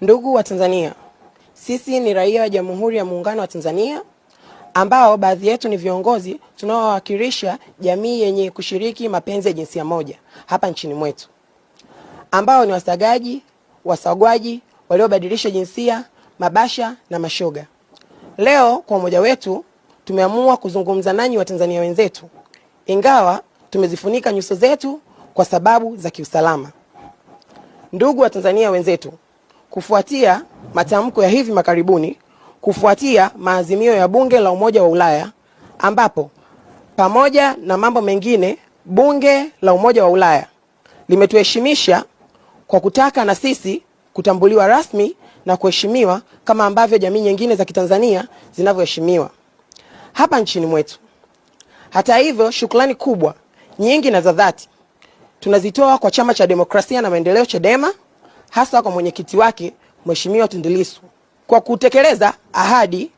Ndugu wa Tanzania, sisi ni raia wa Jamhuri ya Muungano wa Tanzania ambao baadhi yetu ni viongozi tunaowakilisha jamii yenye kushiriki mapenzi ya jinsia moja hapa nchini mwetu, ambao ni wasagaji, wasagwaji, waliobadilisha jinsia, mabasha na mashoga. Leo kwa umoja wetu tumeamua kuzungumza nanyi Watanzania wenzetu, ingawa tumezifunika nyuso zetu kwa sababu za kiusalama. Ndugu wa Tanzania wenzetu kufuatia matamko ya hivi makaribuni kufuatia maazimio ya bunge la Umoja wa Ulaya ambapo pamoja na mambo mengine bunge la Umoja wa Ulaya limetuheshimisha kwa kutaka na sisi kutambuliwa rasmi na kuheshimiwa kama ambavyo jamii nyingine za Kitanzania zinavyoheshimiwa hapa nchini mwetu. Hata hivyo, shukrani kubwa nyingi na za dhati tunazitoa kwa Chama cha Demokrasia na Maendeleo, Chadema hasa kwa mwenyekiti wake Mheshimiwa Tundu Lissu kwa kutekeleza ahadi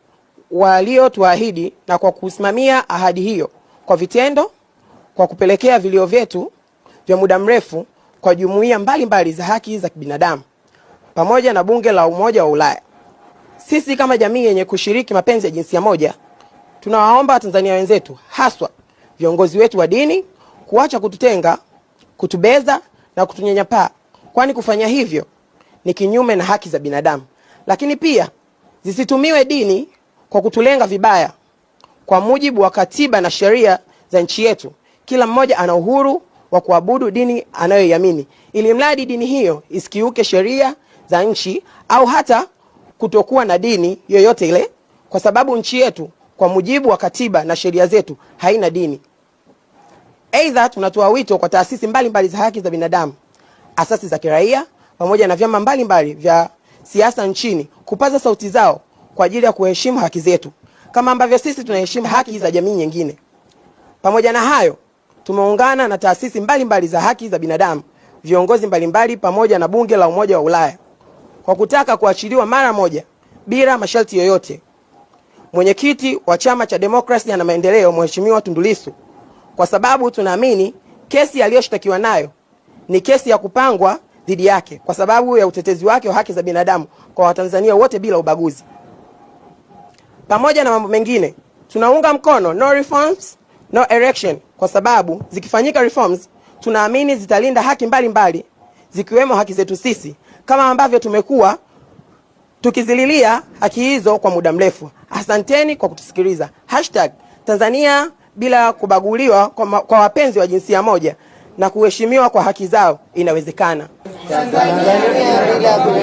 waliotuahidi na kwa kusimamia ahadi hiyo kwa vitendo, kwa kupelekea vilio vyetu vya muda mrefu kwa jumuiya mbalimbali za haki za kibinadamu pamoja na bunge la Umoja wa Ulaya. Sisi kama jamii yenye kushiriki mapenzi ya jinsia moja tunawaomba Watanzania wenzetu, haswa viongozi wetu wa dini, kuacha kututenga, kutubeza na kutunyanyapaa kwani kufanya hivyo ni kinyume na haki za binadamu. Lakini pia zisitumiwe dini kwa kutulenga vibaya. Kwa mujibu wa katiba na sheria za nchi yetu, kila mmoja ana uhuru wa kuabudu dini anayoiamini, ili mradi dini hiyo isikiuke sheria za nchi au hata kutokuwa na dini yoyote ile, kwa sababu nchi yetu kwa mujibu wa katiba na sheria zetu haina dini. Aidha, tunatoa wito kwa taasisi mbalimbali za haki za binadamu asasi za kiraia pamoja na vyama mbalimbali vya siasa nchini kupaza sauti zao kwa ajili ya kuheshimu haki zetu kama ambavyo sisi tunaheshimu haki za jamii nyingine. Pamoja na hayo, tumeungana na taasisi mbalimbali mbali za haki za binadamu, viongozi mbalimbali mbali, pamoja na bunge la Umoja wa Ulaya kwa kutaka kuachiliwa mara moja bila masharti yoyote mwenyekiti wa chama cha demokrasia na maendeleo Mheshimiwa Tundu Lissu, kwa sababu tunaamini kesi aliyoshtakiwa nayo ni kesi ya kupangwa dhidi yake kwa sababu ya utetezi wake wa haki za binadamu kwa Watanzania wote bila ubaguzi. Pamoja na mambo mengine, tunaunga mkono no reforms, no erection kwa sababu zikifanyika reforms tunaamini zitalinda haki mbalimbali mbali, zikiwemo haki zetu sisi kama ambavyo tumekuwa tukizililia haki hizo kwa muda mrefu. Asanteni kwa kutusikiliza. Hashtag Tanzania bila kubaguliwa kwa, kwa wapenzi wa jinsia moja na kuheshimiwa kwa haki zao inawezekana. Tanzania bila kwa